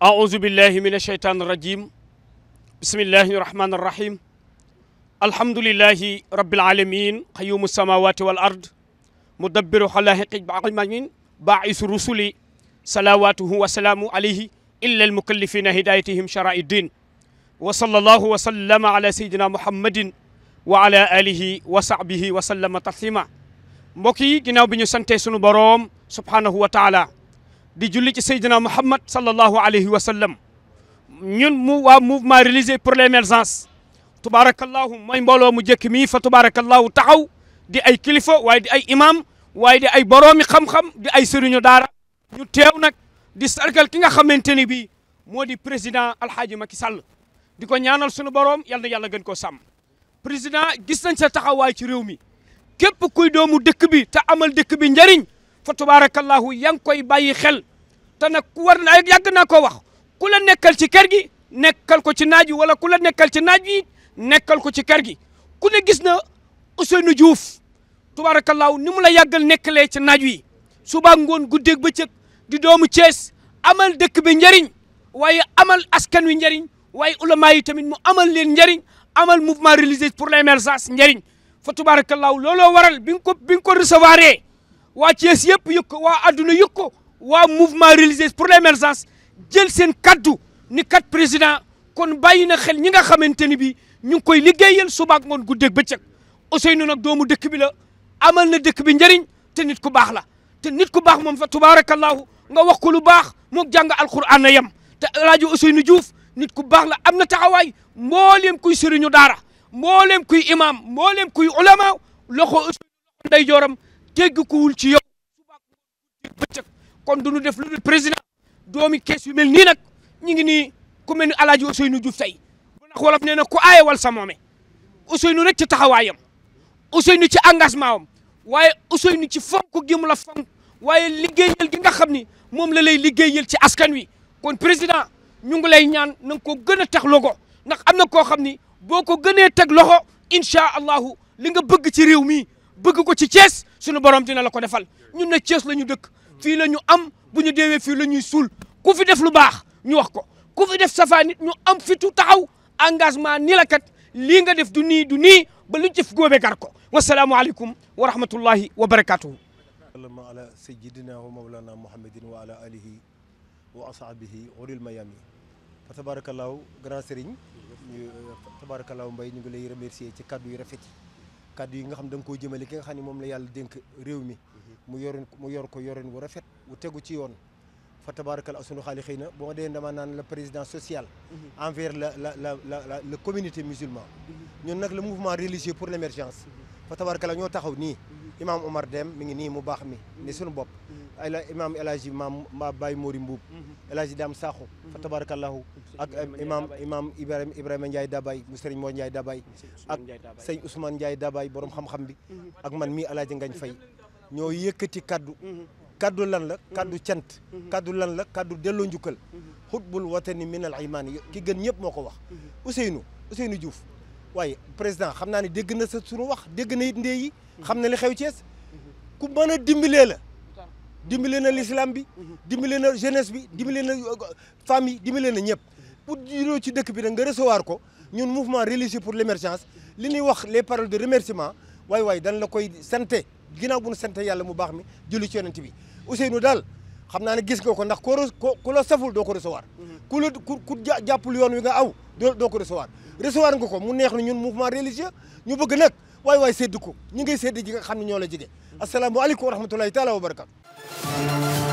أعوذ بالله من الشيطان الرجيم بسم الله الرحمن الرحيم الحمد لله رب العالمين قيوم السماوات والأرض مدبر خلائق أجمعين باعث رسلي صلواته وسلام عليه إلا المكلفين هدايتهم شرع الدين وصلى الله وسلم على سيدنا محمد وعلى آله وصحبه وسلم تسليما mbokk yi ginnaaw bi ñu sante sunu boroom subhanahu wa taala di julli ci Seydina Muhammad sallallahu alayhi wa sallam ñun mu waa mouvement religieux pour l'émergence tubaarakallahu mooy mbooloo mu jëkk mii fa tubaarakallahu taxaw di ay kilifa waaye di ay imam waaye di ay boroomi xam-xam di ay sëriñu daara ñu teew nag di sargal ki nga xamante ni bii moo di président alhaaji Macky Sall di ko ñaanal suñu boroom yalla na yàlla gën koo sàmm président gis nañ sa taxawaay ci réew mi képp kuy doomu dëkk bi te amal dëkk bi njëriñ fa tubaarakallahu yaa ngi koy bàyyi xel te nag ku war naa yàgg naa ko wax ku la nekkal ci kër gi nekkal ko ci naaj wi wala ku la nekkal ci naaj wi nekkal ko ci kër gi ku ne gis na Ousseynou Diouf tubaarakallahu ni mu la yàggal nekkalee ci naaj wi suba ngoon guddeeg bëccëg di doomu Thiès amal dëkk bi njëriñ waaye amal askan wi njëriñ waaye ulama yi tamit mu amal leen njëriñ amal mouvement religieux pour l'émergence njëriñ fa tubaarakallahu looloo waral bi nga ko bi nga waa Thiès yëpp yëg ko waa adduna yëg ko waa mouvement religieux pour l'émergence jël seen kaddu ni kat président kon bàyyi na xel ñi nga xamante ni bii ñu ngi koy liggéeyal suba ak ngoon guddeeg bëccëg Ousseynou nag doomu dëkk bi la amal na dëkk bi njëriñ te nit ku baax la te nit ku baax moom fa tubaarakallaahu nga wax ko lu baax moog jàng alquran na yem te El Hadj nu Diouf nit ku baax la am na taxawaay mbooleem kuy sëriñu daara mbooleem kuy imam mbooleem kuy ulama loxo Ousseynou nday jooram tegg teggikuwul ci yow bëccëg kon du def lu dul président doomi kees yu mel nii nag ñu ngi nii ku mel ni El Hadj Ousseynou Diouf tey ndax wolof nee na ku aayewal sa moome Ousseynou rek ci taxawaayam Ousseynou ci engagement am waaye Ousseynou ci fonk gi mu la fonk waaye liggéeyal gi nga xam ni moom la lay liggéeyal ci askan wi kon président ñu ngi lay ñaan na ko gën a teg logo ndax am na koo xam ni boo ko gënee teg loxo incha allahu li nga bëgg ci réew mi. bëgg ko ci Thiès suñu borom dina la ko defal ñun ne Thiès la ñu dëkk fii la ñu am bu ñu deewee fii la ñuy suul ku fi def lu baax ñu wax ko ku fi def safaa nit ñu am fitu taxaw engagement ni la kat lii nga def du nii du nii ba luñ ci góobe gar ko wasalaamualeykum wa rahmatullahi wa barakatuhu allahuma ala sayidina wa mawlana muhammadin wa ala alihi wa ashabihi ulil mayami fa tabarakallahu grand sëriñ tabarakallahu mbay ñu ngi lay remercier ci kaddu yu rafet yi kàddu yi nga xam da nga koo jëmale ki nga xam ne moom la yàlla dénk réew mi mu yorin mu yor ko yorin wu rafet wu tegu ci yoon fa tabaarakal asunu xaali xëy na bu ma dee dama naan la président social mhm. envers la la la la la communauté musulman mhm. ñun nag le mouvement religieux pour l' émergence mhm. fa tabaarakal ñoo taxaw nii imam Omar Deme mi ngi nii mu baax mi ni suñu bopp ay la imaam El Hadj maam ma Baye Mori Mbuub mhm. El Hadj Dame Sakho fa mhm. tabarakallahu ak imaam imaam Ibrahima Ibrahima Ndiaye Dabay mu Serigne Mor Ndiaye Dabay ak sëñ Ousmane Ndiaye Dabay borom xam-xam bi mhm. ak man mii El Hadj fay Faye ñoo yëkkati kaddu kaddu lan la kaddu cant kaddu lan la kaddu delloo njukkal xutbul watani min al imaani ki gën ñëpp moo ko wax Ousseynou Ousseynou Diouf waaye président xam naa ne dégg na sa suñu wax dëgg na it ndee yi xam na li xew ku mën a dimbalee la dimbale na l'islam bi dimbale na jeunesse bi dimbale na femme yi dimbale na ñëpp pour juróo ci dëkk bi nag nga recevoir ko ñun mouvement religieux pour l'émergence li ñuy wax les paroles de remerciement waay waay dañ la koy santé ginnaaw bu ñu santé yàlla mu baax mi julli ci bi bi Ousseynou daal xam naa ne gis nga ko ndax ko ku la saful doo ko recevoir ku la ku ku jàppul yoon wi nga aw doo ko recevoir recevoir nga ko mu neex na ñun mouvement religieux ñu bëgg nag waay waay sédd ko ñu ngi sédd ji nga xam ne ñoo la jige asalaamaaleykum wa rahmatulahi taala wa barakatu Música